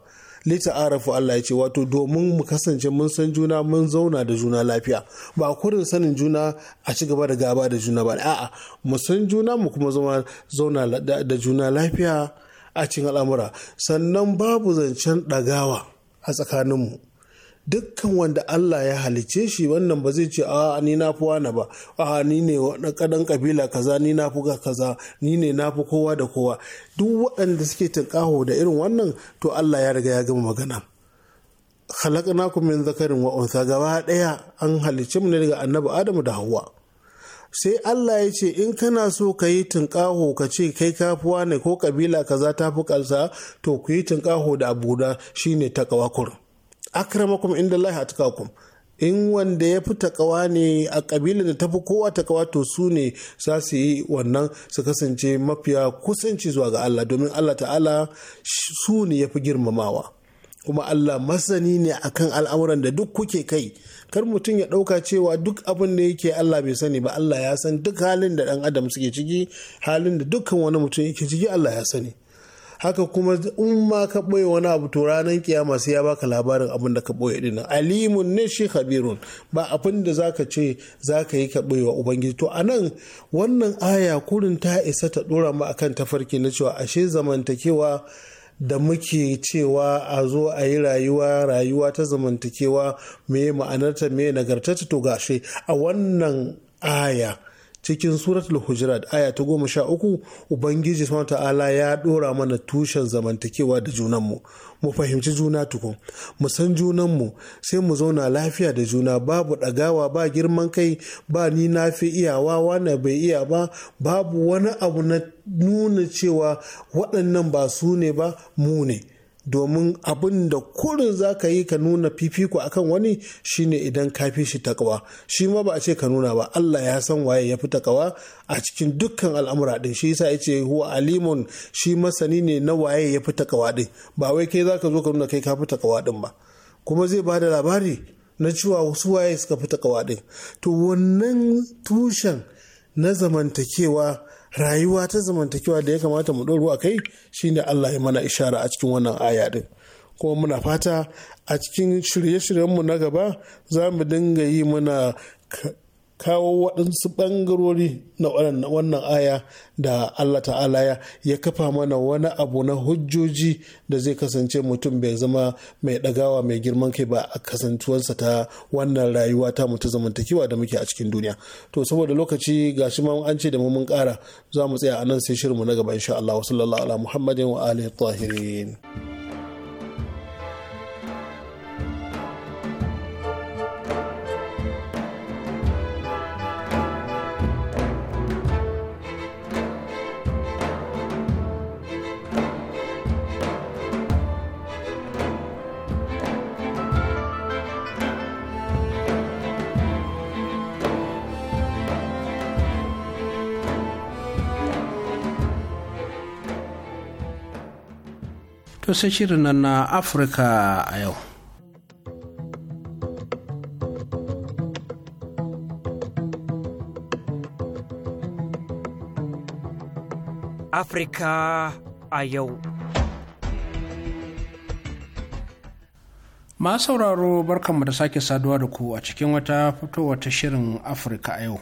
[SPEAKER 8] lita arafu Allah ya ce wato domin mu kasance mun san juna mun zauna da juna lafiya ba kurin sanin juna a ci gaba da gaba da juna ba a'a mu san juna mu kuma zauna da juna lafiya a cikin al'amura sannan babu zancen ɗagawa a tsakaninmu dukkan wanda Allah ya halice shi wannan ba zai ce a ni na fi wani ba a ni ne kadan kabila kaza ni na fi kaza ni ne na fi kowa da kowa duk waɗanda suke tunƙaho da irin wannan to Allah ya riga ya gama magana khalaqnakum min zakarin wa unsa gaba daya an halice mu ne daga annabi Adamu da Hawwa sai Allah ya ce in kana so ka yi tunƙaho ka ce kai kafuwa ne ko kabila kaza ta fi kalsa to ku yi tunƙaho da abuda shine takawakur akramakum inda Allah atkakum in wanda ya fi takawa ne a kabilar da tafi kowa takawa to su ne za su yi wannan su kasance mafiya kusanci zuwa ga Allah domin Allah ta'ala su ne ya fi girmamawa kuma Allah masani ne akan al'amuran da duk kuke kai kar mutum ya ɗauka cewa duk abin da yake Allah bai sani ba Allah ya san duk halin da ɗan adam suke ciki halin da dukkan wani mutum yake ciki Allah ya sani haka kuma in ma ka ɓoye wani abu to ranar kiyama sai ya baka labarin abin da ka ɓoye dinnan alimun ne shi khabirun ba abin da zaka ce zaka yi ka ɓoye wa ubangiji to anan wannan aya kurin ta isa ta dora mu akan tafarki na cewa ashe zamantakewa da muke cewa a zo a yi rayuwa rayuwa ta zamantakewa me ma'anarta me nagartata to gashe a wannan aya cikin suratul hujurat aya ta goma sha uku ubangiji sama ta'ala ya dora mana tushen zamantakewa da junanmu mu fahimci juna tukun mu san junanmu sai mu zauna lafiya da juna babu ɗagawa ba girman kai ba ni na fi iyawa wani bai iya ba babu wani abu na nuna cewa waɗannan ba su ne ba mu ne domin abin da kurin za ka yi ka nuna fifiko a kan wani shine idan ka fi shi takawa shi ma ba a ce ka nuna ba Allah ya san waye ya fi takawa a cikin dukkan al'amura din shi yasa yace huwa alimun shi masani ne na waye ya fi takawa din ba wai kai za ka zo ka nuna kai ka fi takawa din ba kuma zai ba da labari na cewa wasu waye suka fi takawa din to wannan tushen na zamantakewa rayuwa ta zamantakewa da ya kamata mu ɗoro a kai shine Allah ya mana ishara a cikin wannan aya din kuma muna fata a cikin shirye-shiryenmu na gaba za mu dinga yi muna kawo waɗansu ɓangarori na wannan aya da Allah ta'ala ya kafa mana wani abu na hujjoji da zai kasance mutum bai zama mai ɗagawa mai girman kai ba a kasantuwarsa ta wannan rayuwa ta mutu zamantakewa da muke a cikin duniya to saboda lokaci ga shi ma an ce da mun kara za mu tsaya a nan sai shirinmu na gaba insha Allah wa sallallahu ala muhammadin wa alihi tahirin
[SPEAKER 2] to sai shirin nan na afirka a yau
[SPEAKER 4] afirka a yau
[SPEAKER 2] Ma sauraro barkanmu da sake saduwa da ku a cikin wata fitowa ta shirin Afirka a yau.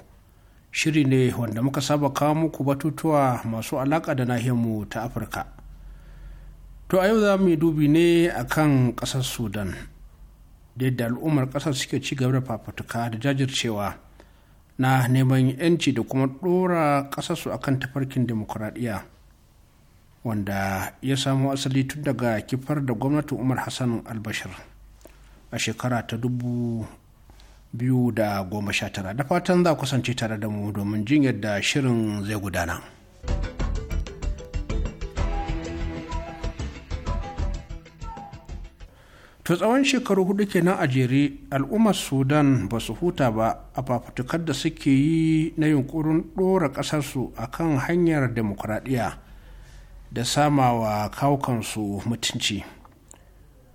[SPEAKER 2] Shiri ne wanda muka saba kawo muku batutuwa masu alaƙa da nahiyarmu ta Afirka. to a yau za mu yi dubi ne a kan ƙasar sudan da yadda al'ummar ƙasar suke ci gaba da fafutuka da jajircewa na neman yanci da kuma ɗora ƙasarsu akan tafarkin demokuraɗiyya wanda ya samo asali tun daga kifar da gwamnatin umar hassan albashir a shekara ta dubu biyu da goma sha tara da fatan za kusance tare da mu domin jin yadda shirin zai gudana. ta tsawon shekaru hudu kenan a jere al'ummar sudan ba su huta ba a fafutukar da suke yi na yunkurin ɗora ƙasarsu a kan hanyar demokuraɗiyya da samawa kawukansu mutunci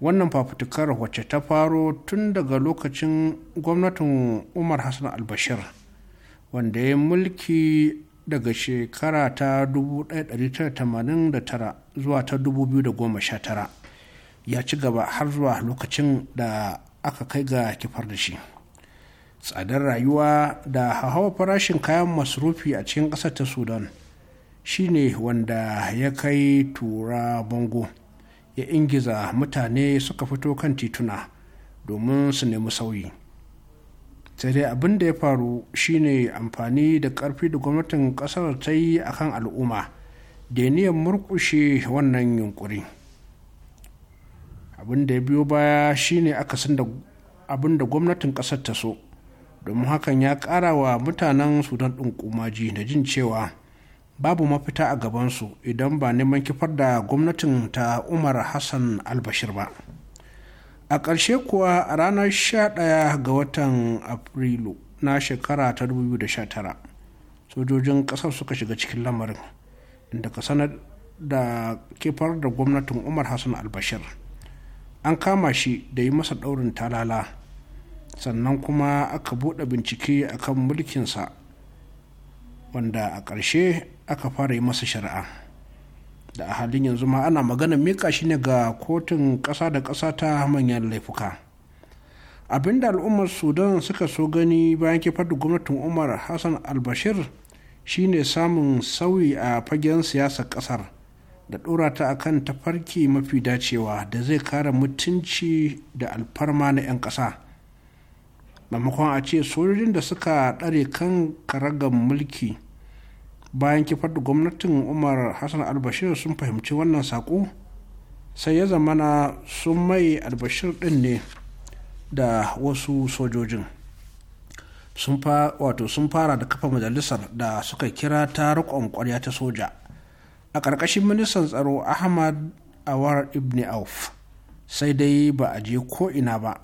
[SPEAKER 2] wannan fafutukar wacce ta faro tun daga lokacin gwamnatin umar hassan albashir wanda ya mulki daga shekara ta 1989 zuwa ta 2019 ya ci gaba har zuwa lokacin da aka kai ga kifar da shi tsadar rayuwa da hawa farashin kayan masrufi a cikin ƙasar ta sudan shine wanda ya kai tura bango ya ingiza mutane suka fito kan tituna domin su nemi sauyi sai dai abin da ya faru shine amfani da ƙarfi da gwamnatin ƙasar ta yi akan al'umma da niyyar murkushe wannan yunkuri. abin da ya biyo baya shine akasin da abin da gwamnatin ƙasar ta so domin hakan ya ƙara wa mutanen sudan ɗin kumaji da jin cewa babu mafita a gabansu idan ba neman kifar da gwamnatin ta umar hassan albashir ba a ƙarshe kuwa a ranar 11 ga watan afrilu na shekara ta 2019 sojojin ƙasar suka shiga cikin lamarin inda ka sanar da kifar da gwamnatin umar hassan albashir an kama shi da yi masa ɗaurin talala sannan kuma aka buɗe bincike a akan mulkinsa wanda a ƙarshe aka fara yi masa shari'a da a halin yanzu ma ana magana mika shi ne ga kotun ƙasa da ƙasa ta manyan laifuka abinda al'ummar sudan suka so gani bayan kifar da gwamnatin umar hassan albashir shine samun sauyi a fagen siyasar ƙasar da ɗora ta akan tafarki mafi dacewa da zai kara mutunci da alfarma na 'yan ƙasa maimakon a ce sojojin da suka ɗare kan karagan mulki bayan kifar da gwamnatin umar hassan albashir sun fahimci wannan saƙo sai ya zamana sun mai albashir ɗin ne da wasu sojojin sun fara da kafa majalisar da suka kira ta riƙon ƙwarya ta soja a ƙarƙashin ministan tsaro ahmad awar ibn auf sai dai ba a je ko'ina ba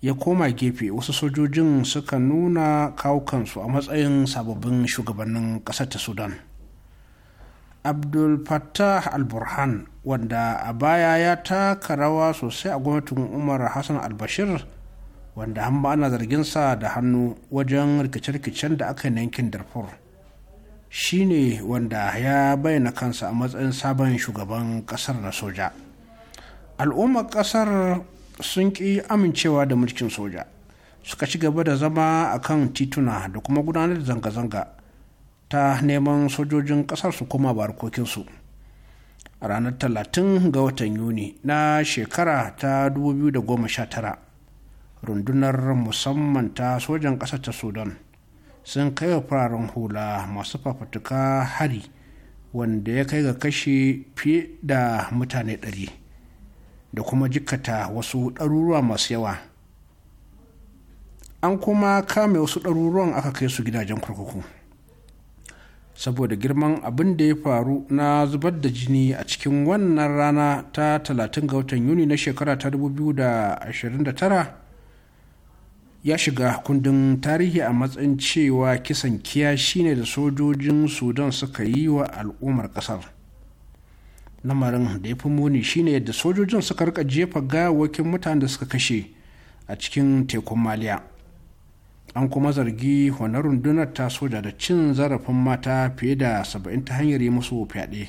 [SPEAKER 2] ya koma gefe wasu sojojin suka nuna kawukansu a matsayin sababbin shugabannin ƙasar ta sudan abdul fattah al-burhan wanda a baya ya taka rawa sosai a gwamnatin umar hassan al wanda an ba ana zarginsa da hannu wajen rikice-rikicen da aka yi yankin darfur shine wanda ya bayyana kansa a matsayin sabon shugaban kasar na soja al'ummar kasar sun ƙi amincewa da mulkin soja suka ci gaba da zama a kan tituna da kuma gudanar da zanga-zanga ta neman sojojin kasar su koma barkokinsu a ranar 30 ga watan yuni na shekara ta 2019 rundunar musamman ta sojan ƙasar ta sudan sun kai wa fararen hula masu fafatuka hari wanda ya kai ga kashe fiye da mutane ɗari da kuma jikkata wasu ɗaruruwa masu yawa an kuma kame wasu ɗaruruwan aka kai su gidajen kurkuku saboda girman abin da ya faru na zubar da jini a cikin wannan rana ta 30 ga watan yuni na shekara ta 2029 ya shiga kundin tarihi a matsayin cewa kisan kiya ne da sojojin sudan suka yi wa al'ummar kasar lamarin da ya fi muni shine yadda sojojin suka rika jefa gawakin mutane da suka kashe a cikin tekun maliya an kuma zargi wani rundunar ta soja da cin zarafin mata fiye da 70 ta hanyar yi musu fyaɗe.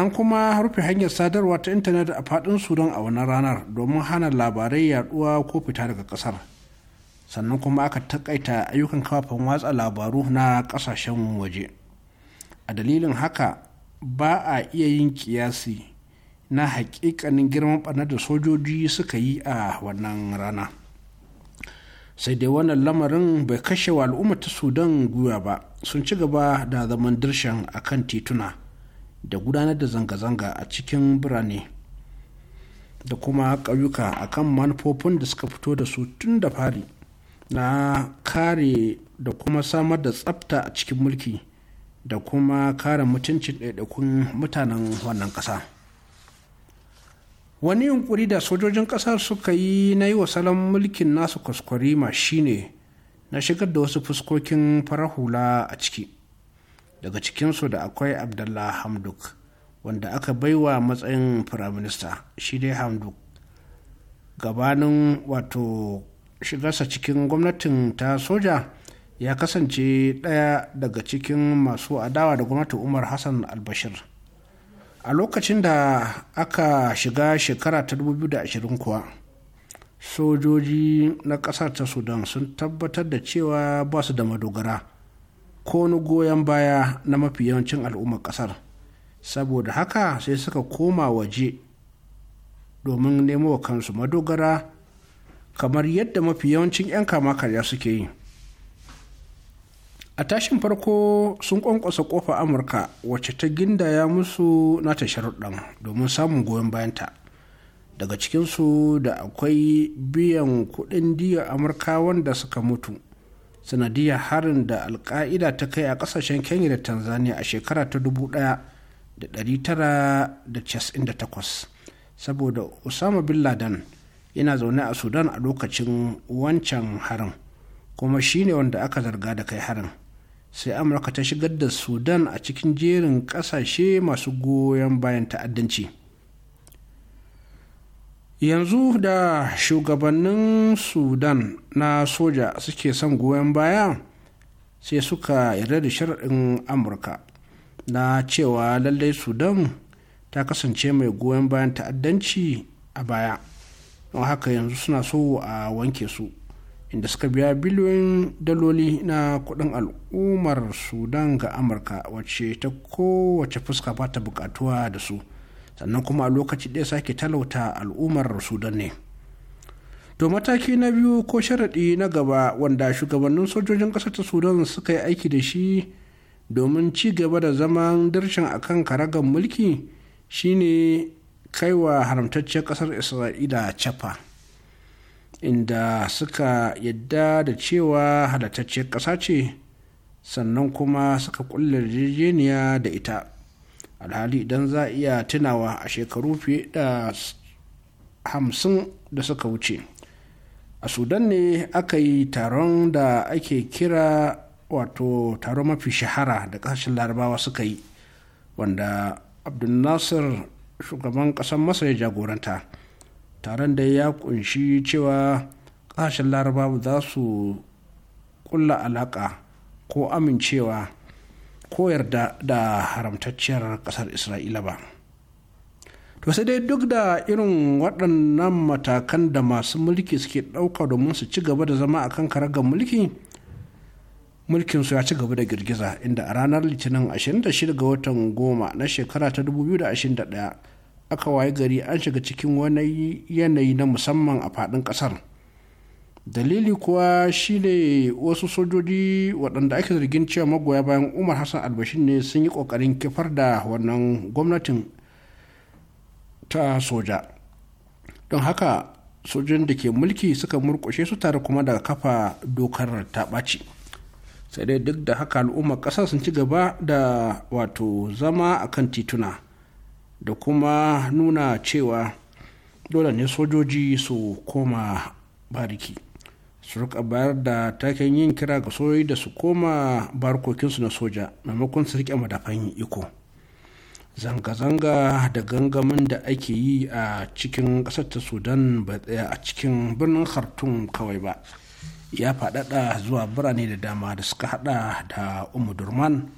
[SPEAKER 2] an kuma rufe hanyar sadarwa ta intanet a faɗin sudan a wannan ranar domin hana labarai yaduwa ko fita daga ƙasar sannan kuma aka takaita ayyukan kafafen watsa labaru na ƙasashen waje a dalilin haka ba a iya yin kiyasi na hakikanin girman ɓarnar da sojoji suka yi a wannan rana sai dai wannan lamarin bai kashe wa al'ummar ta sudan gwiwa ba sun ci gaba da zaman dirshan akan tituna da gudanar da zanga-zanga a cikin birane da kuma ƙauyuka kan manufofin da suka fito da su tun da fari na kare da kuma samar da tsafta a cikin mulki da kuma kare mutuncin ɗaiɗaikun mutanen wannan ƙasa wani yunkuri da sojojin ƙasar suka yi na yi wa salon mulkin nasu kwaskwarima shine na shigar da wasu fuskokin farahula a ciki daga cikinsu da akwai abdullah hamduk wanda aka baiwa matsayin firaminista shi dai hamduk gabanin wato shigarsa cikin gwamnatin ta soja ya kasance ɗaya daga cikin masu adawa da gwamnatin umar hassan albashir a lokacin da aka shiga shekara ta 2020 kuwa sojoji na ƙasar ta sudan sun tabbatar da cewa ba su da madogara ko wani goyon baya na mafi yawancin al'ummar ƙasar saboda haka sai suka koma waje domin nemo wa kansu madogara kamar yadda mafi yawancin 'yan kama karya suke yi a tashin farko sun kwankwasa kofa amurka wacce ta gindaya musu nata sharuɗan domin samun goyon bayanta daga cikinsu da akwai biyan kuɗin diya amurka wanda suka mutu sanadiyar harin da alka'ida ta kai a kasashen kenya da tanzania a shekara ta 1998 saboda osama bin laden yana zaune a sudan a lokacin wancan harin kuma shine wanda aka zarga da kai harin sai amurka ta shigar da sudan a cikin jerin kasashe masu goyon bayan ta'addanci yanzu da shugabannin sudan na soja suke son goyon baya sai suka yarda da sharaɗin amurka na cewa lallai sudan ta kasance mai goyon bayan ta'addanci a baya don haka yanzu suna so a wanke su inda suka biya biliyoyin daloli na kudin al'ummar sudan ga amurka wacce ta kowace fuska ba ta bukatuwa da su sannan kuma a lokaci ɗaya sake talauta al'ummar sudan ne to mataki na biyu ko sharaɗi na gaba wanda shugabannin sojojin ƙasar ta sudan suka yi aiki da shi domin ci gaba da zaman dirshin kan karagan mulki shine kaiwa haramtacciyar ƙasar isra'ila cafa inda suka yadda da cewa halattacciyar ƙasa ce sannan kuma suka kulle yarjejeniya da ita alhali idan za a iya tunawa a shekaru fiye da hamsin da suka wuce a sudan ne aka yi taron da ake kira wato taron mafi shahara da kasashen larabawa suka yi wanda nasir shugaban ƙasar masar ya jagoranta taron da ya kunshi cewa kasashen larabawa za su kulla alaƙa ko amincewa koyar da da haramtacciyar kasar isra'ila ba to sai dai duk da irin waɗannan matakan da masu mulki suke ɗauka domin su ci gaba da zama a kan karagar mulki mulkin su ya ci gaba da girgiza inda a ranar litinin 26 ga watan goma na shekara ta 2021 aka waye gari an shiga cikin wani yanayi na musamman a faɗin ƙasar dalili kuwa shine wasu sojoji waɗanda ake zargin cewa magoya bayan umar hassan albashin ne sun yi ƙoƙarin kifar da wannan gwamnatin ta soja don haka sojojin da ke mulki suka murƙushe su tare kuma daga kafa dokar ta ɓaci sai dai duk da haka al'ummar ƙasa sun ci gaba da wato zama a kan tituna da kuma nuna cewa dole ne sojoji su koma bariki. su rika bayar da taken yin kira ga soyoyi da su koma barkokinsu na soja maimakon su rike madafan iko zanga-zanga da gangamin da ake yi a cikin ƙasar ta sudan ba tsaya a cikin birnin khartoum kawai ba ya faɗaɗa zuwa birane da dama da suka haɗa da umudurman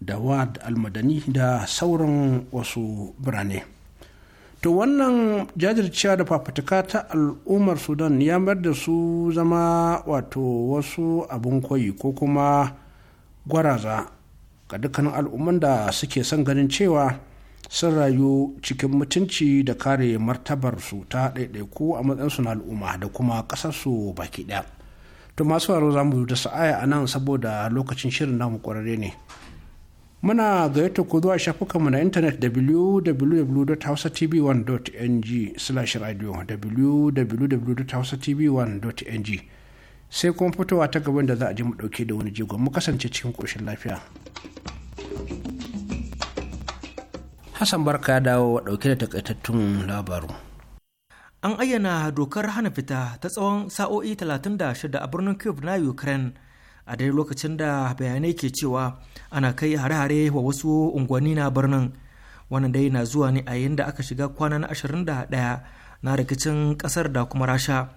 [SPEAKER 2] da wad almadani da sauran wasu birane to wannan jajircewa da fafutuka ta al'ummar sudan ya mayar da su zama wato wasu abin koyi ko kuma gwaraza ga dukkanin al'umman da suke son ganin cewa sun rayu cikin mutunci da kare martabarsu ta ɗaiɗaiku a matsayinsu na al'umma da kuma ƙasarsu baki ɗaya to masu haro za mu da sa'aya a nan saboda lokacin shirin namu ƙwararre ne muna gayyata ku zuwa shafukanmu na intanet www.hausatv1.ng slash radio www.hausatv1.ng sai kuma fitowa ta gaban da za a ji mu dauke da wani jigon mu kasance cikin koshin lafiya hassan barka ya dawo dauke da takaitattun labaru an
[SPEAKER 4] ayyana dokar hana fita ta tsawon sa'o'i 36 a birnin kyiv na ukraine a dai lokacin da bayanai ke cewa ana kai hare-hare wa wasu unguwanni na birnin wannan dai na zuwa ne a yayin da aka shiga kwana na 21 na rikicin kasar da kuma rasha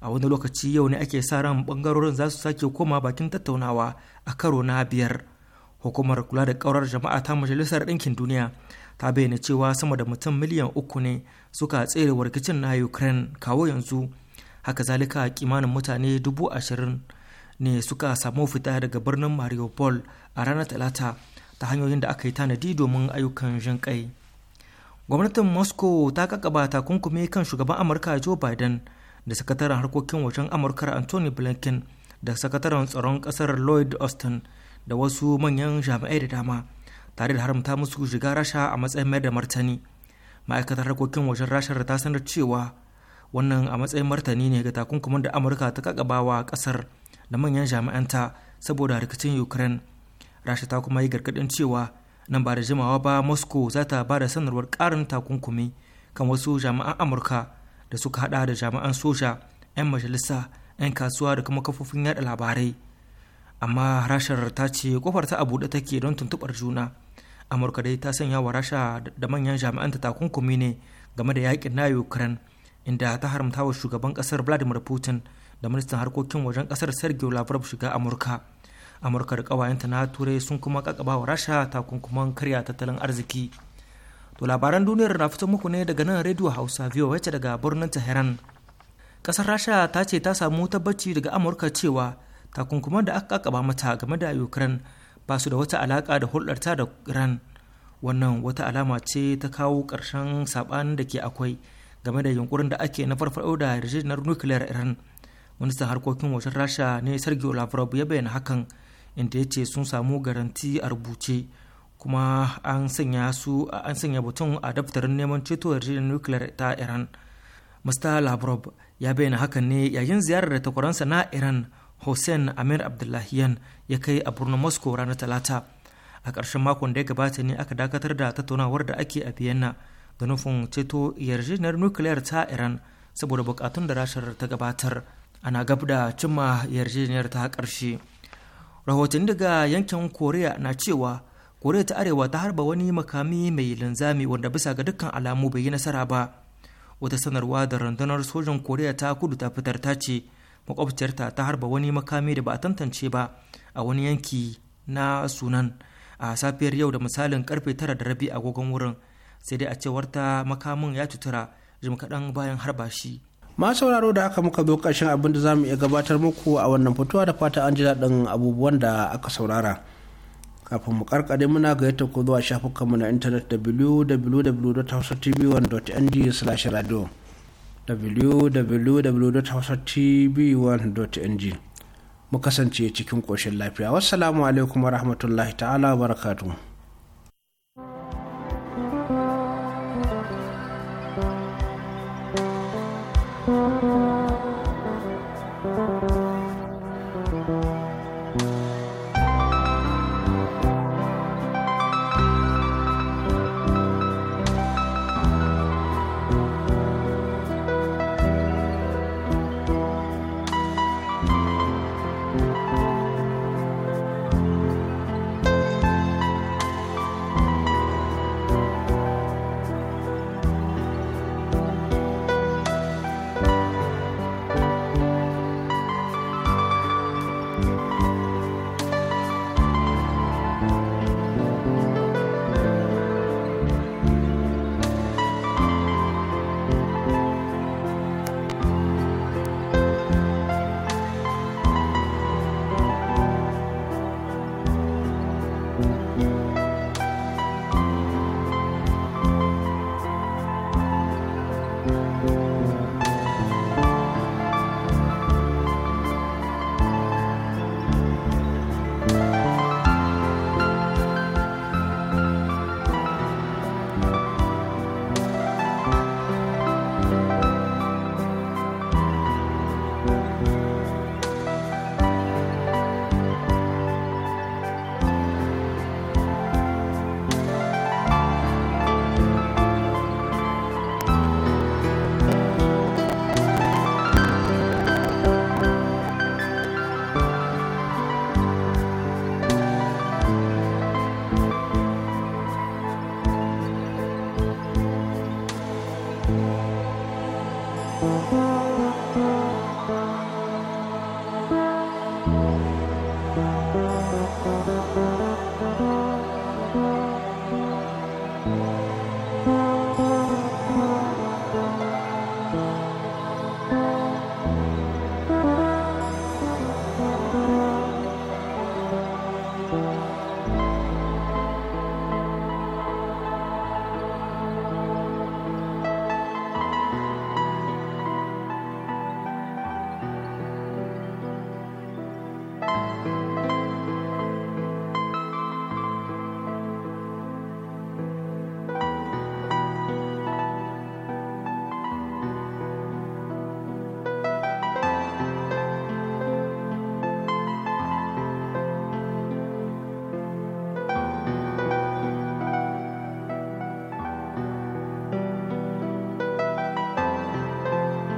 [SPEAKER 4] a wani lokaci yau ne ake sa ran bangarorin za su sake koma bakin tattaunawa a karo na biyar hukumar kula da kaurar jama'a ta majalisar ɗinkin duniya ta bayyana cewa sama da mutum miliyan uku ne suka tsere rikicin na ukraine kawo yanzu haka zalika kimanin mutane dubu ashirin ne suka samu fita daga birnin mariupol a ranar talata ta hanyoyin da aka yi tanadi domin ayyukan jin kai gwamnatin moscow ta kakaba takunkumi kan shugaban amurka joe biden da sakataren harkokin wajen amurka anthony blinken da sakataren tsaron kasar lloyd austin da wasu manyan jami'ai da dama tare da haramta musu shiga rasha a matsayin mayar da martani ma'aikatar harkokin wajen rashar ta sanar cewa wannan a matsayin martani ne ga takunkumin da amurka ta kakabawa kasar da manyan jami'anta saboda rikicin ukraine rasha ta kuma yi gargadin cewa nan ba da jimawa ba moscow za ta ba da sanarwar karin takunkumi kan wasu jami'an amurka da suka hada da jami'an soja 'yan majalisa 'yan kasuwa da kuma kafofin yaɗa labarai amma rashar ta ce kofar ta a buɗe take don tuntuɓar juna amurka dai ta sanya wa rasha da manyan jami'anta takunkumi ne game da yakin na ukraine inda ta haramta wa shugaban kasar vladimir putin da ministan harkokin wajen kasar sergio lavrov shiga amurka amurka da kawayenta na turai sun kuma kakaba wa rasha takunkuman karya tattalin arziki to labaran duniyar na fito muku ne daga nan radio hausa voa wacce daga birnin tehran kasar rasha ta ce ta samu tabbaci daga amurka cewa takunkuman da aka kakaba mata game da ukraine ba su da wata alaka da hulɗarta da iran wannan wata alama ce ta kawo ƙarshen saɓanin da ke akwai game da yunkurin da ake na farfaɗo da rijiyar nukiliyar iran ministan harkokin wajen rasha ne sergio lavrov ya bayyana hakan inda ya ce sun samu garanti a rubuce kuma an sanya su an sanya batun a daftarin neman ceto jirgin nuklear ta iran mr lavrov ya bayyana hakan ne yayin ziyarar da takwaransa na iran hussein amir abdullahiyan ya kai a birnin moscow ranar talata a ƙarshen makon da ya gabata ne aka dakatar da tattaunawar da ake a vienna da nufin ceto yarjejeniyar nukiliyar ta iran saboda bukatun da rashar ta gabatar ana gab da cimma yarjejeniyar ta ƙarshe rahoton daga yankin koriya na cewa koriya ta arewa ta harba wani makami mai linzami wanda bisa ga dukkan alamu bai yi nasara ba wata sanarwa da rundunar sojan koriya ta kudu ta fitar ta ce makwabciyarta ta harba wani makami da ba a tantance ba a wani yanki na sunan a safiyar yau da misalin karfe tara da rabi agogon wurin sai dai a cewar ta makamin ya tutura jim kaɗan bayan harba shi
[SPEAKER 2] ma sauraro da aka muka zo ƙarshen abin da za mu iya gabatar muku a wannan fitowa da fata an ji daɗin abubuwan da aka saurara kafin mu karkare muna ga yadda ku zuwa shafukanmu na intanet www.hausatv1.ng/radio www.hausatv1.ng mu kasance cikin ƙoshin lafiya wassalamu alaikum warahmatullahi ta'ala barakatu.